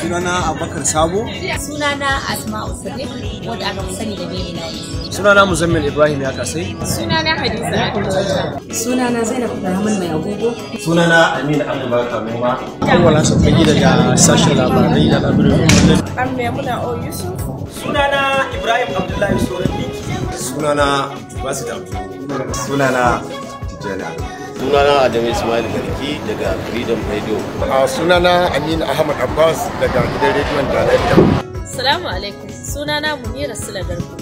sunana abubakar sabo sunana asma'u sadiq wadda aka fi sani da baby sunana muzammil ibrahim ya kasai sunana hadiza sunana zainab rahman mai agogo sunana amina abubakar noma wala sabbin gida daga sashen labarai da da labirin an maimuna o yusuf sunana ibrahim abdullahi sorin sunana basu sunana tijjani sunana adamu ismail garki daga freedom radio a sunana amin ahmad abbas daga gidan rediyon dalaiya salamu alaikum sunana munira sula garko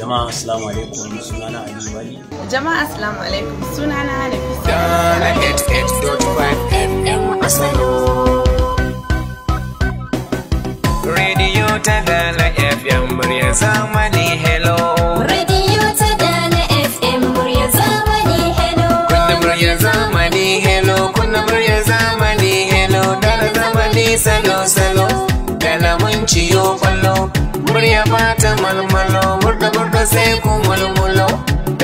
jama'a assalamu alaikum sunana ali bali. jama'a assalamu alaikum sunana hanafi na 88.5 fm asalo ya ba ta malmalo murda murda sai ku mulmulo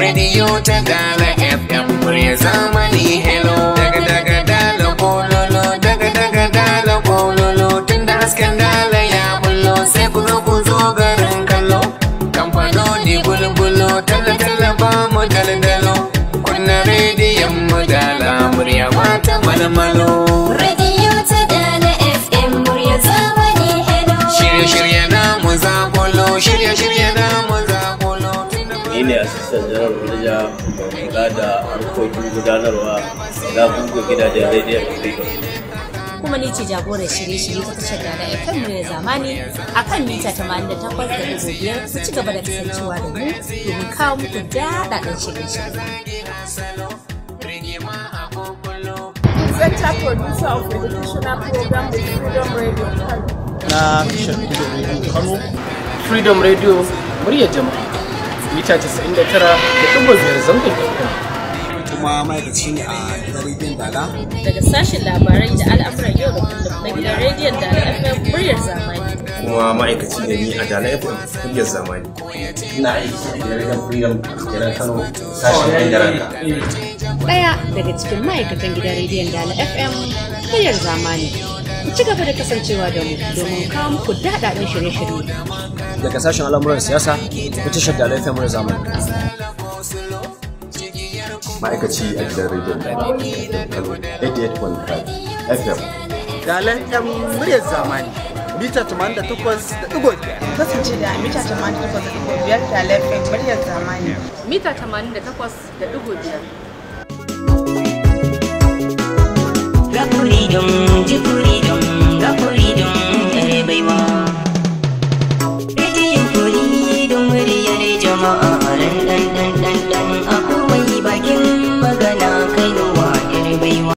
radio ta gala fm murya zamani hello daga daga dala kololo daga daga dala kololo tun da hasken dala ya bullo sai ku zo ku zo garin kallo kamfanoni bulbulo talla talla ba mu daldalo kunna rediyon mu dala murya ba ta malmalo jihar Janar mai kula da harkokin gudanarwa da gungun gidajen rediyon Afirka. Kuma ni ce jagorar shirye-shirye ta tashar da ya kan da zamani a kan mita 88.5 su ci gaba da kasancewa da mu domin kawo muku daɗaɗɗen shirye-shirye. Na producer of educational program Freedom Radio Kano. Na Freedom Radio Kano. Freedom Radio, jama'a. mita 99 da ɗigo biyar zangon FM. kuma ma'aikaci ne a gidan rediyon dala daga sashen labarai da al'amuran yau da kullum na gidan rediyon dala fm muryar zamani kuma ma'aikaci ne ni a dala fm muryar zamani ina aiki a gidan rediyon freedom gidan kano sashen yan daraka daya daga cikin ma'aikatan gidan rediyon dala fm muryar zamani ku ci gaba da kasancewa da mu domin kawo muku daɗaɗɗen shirye-shirye daga sashen al'amuran siyasa ku tashar da alaifin mura zamani ma'aikaci a gidan rediyon da kano 88.5 fm dalan yan muryar zamani mita 88.5 kasance da mita 88.5 dalan yan muryar zamani mita 88.5 Rakuri don jikuri